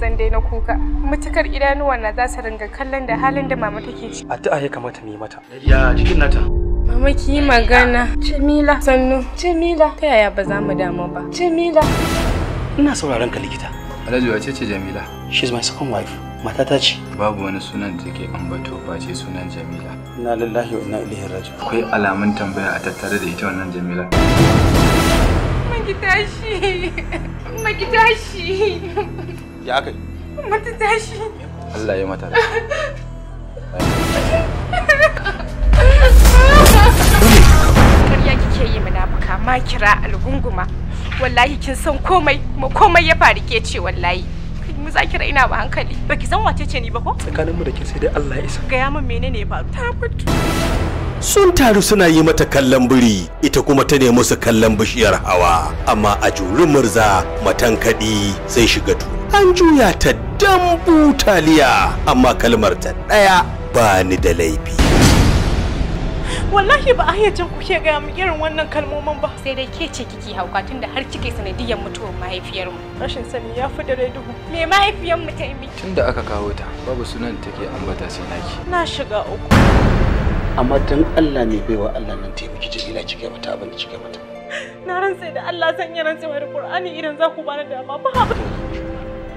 zan daina kuka mutukar idanuwan na za su ringa kallon da halin da mama take ciki addu'a ya kamata mu yi mata ya cikin nata mama ki yi magana jamila sannu jamila ta yaya ba za mu damu ba jamila ina sauraron ka likita alhaji wace ce jamila she's my second wife matata ce babu wani sunan da ke ambato ce sunan jamila inna lillahi wa inna ilaihi raji'un akwai alamun tambaya a tattare da ita wannan jamila Magitashi! Magitashi! Ya aka yi? Mata tashi. Allah ya mata Karya kike yi munafuka ma kira algunguma. Wallahi kin san komai kuma komai ya faru ke ce wallahi. mu zakira ina ba hankali. Baki san wace ce ni ba ko? Tsakanin mu da ke sai dai Allah ya isa. Gaya min menene ya faru? Ta mutu. Sun taru suna yi mata kallon biri ita kuma ta nemi su kallon bishiyar hawa amma a jurin murza matan kaɗi sai shiga tuni. an juya ta dambu taliya amma kalmar ta ɗaya ba ni da laifi wallahi ba ayyacin kuke gaya mu irin wannan kalmomin ba sai dai ke ce kiki hauka tunda har kike sanadiyar mutuwar mahaifiyarmu rashin sani ya fi dare duhu me mahaifiyarmu ta yi tunda aka kawo ta babu sunan take ambata sai naki na shiga uku amma dan Allah ne baiwa Allah nan ta yi miki na cike mata abin da cike mata na rantse da Allah zan yi rantsewa da Qur'ani idan za ku bani dama ba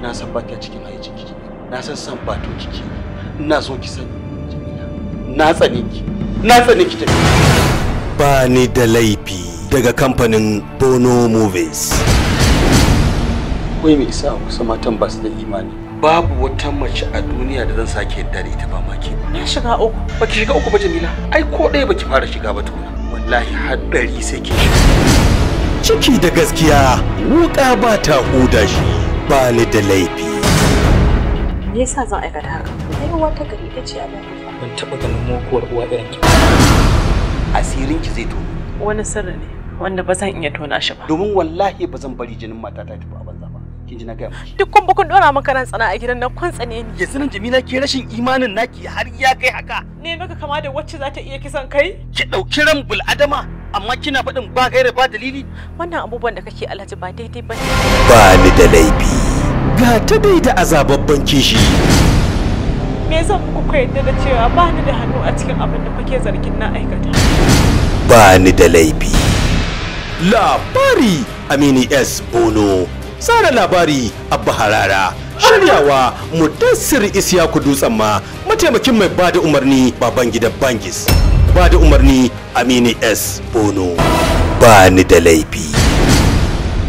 na san ba kya cikin haicin ciki na san san ba to ciki ina so ki sani na tsane ki na tsane ki tafi ba ni da laifi daga kamfanin Bono Movies akwai mai isa kusa matan ba su da imani babu wata mace a duniya da zan sake yadda da ita ba maki na shiga uku ba ki shiga uku ba Jamila ai ko ɗaya ki fara shiga ba tukuna wallahi haddari sai ke shiga ciki da gaskiya wuka ba ta huda shi ba ni da laifi me yasa zan aikata haka ai uwa ta gari ta ce abin ban taba ganin mokuwar uwa irin ki asirin ki zai tono wani sirri ne wanda ba zan iya tona shi ba domin wallahi ba zan bari jinin matata ta a banza ba kin ji na ga duk kun bukun dora maka ran tsana a gidan nan kun tsane ni yanzu nan Jamila ke rashin imanin naki har ya kai haka ne maka kama da wacce za ta iya kisan kai ki dauki ran bul'adama. amma kina faɗin ba gaira ba dalili wannan abubuwan da kake alhaji ba daidai ba ba ni da laifi ga ta dai da azababban kishi me zan kuka yadda da cewa ba ni da hannu a cikin abin da kuke zargin na aikata ba ni da laifi labari amini s bono tsara labari abba harara shiryawa mudassir isyaku dutsen ma mataimakin mai bada umarni baban gida bangis ba da umarni amini s bono ba ni da laifi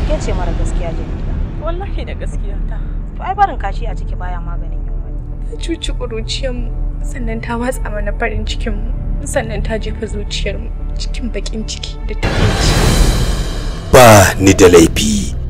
ke ce mara gaskiya jamila wallahi da gaskiya ta to ai barin kashi a ciki baya maganin yunwa ta cuci ƙuruciyarmu sannan ta watsa mana farin cikinmu sannan ta jefa zuciyarmu cikin bakin ciki da ta ba ni da laifi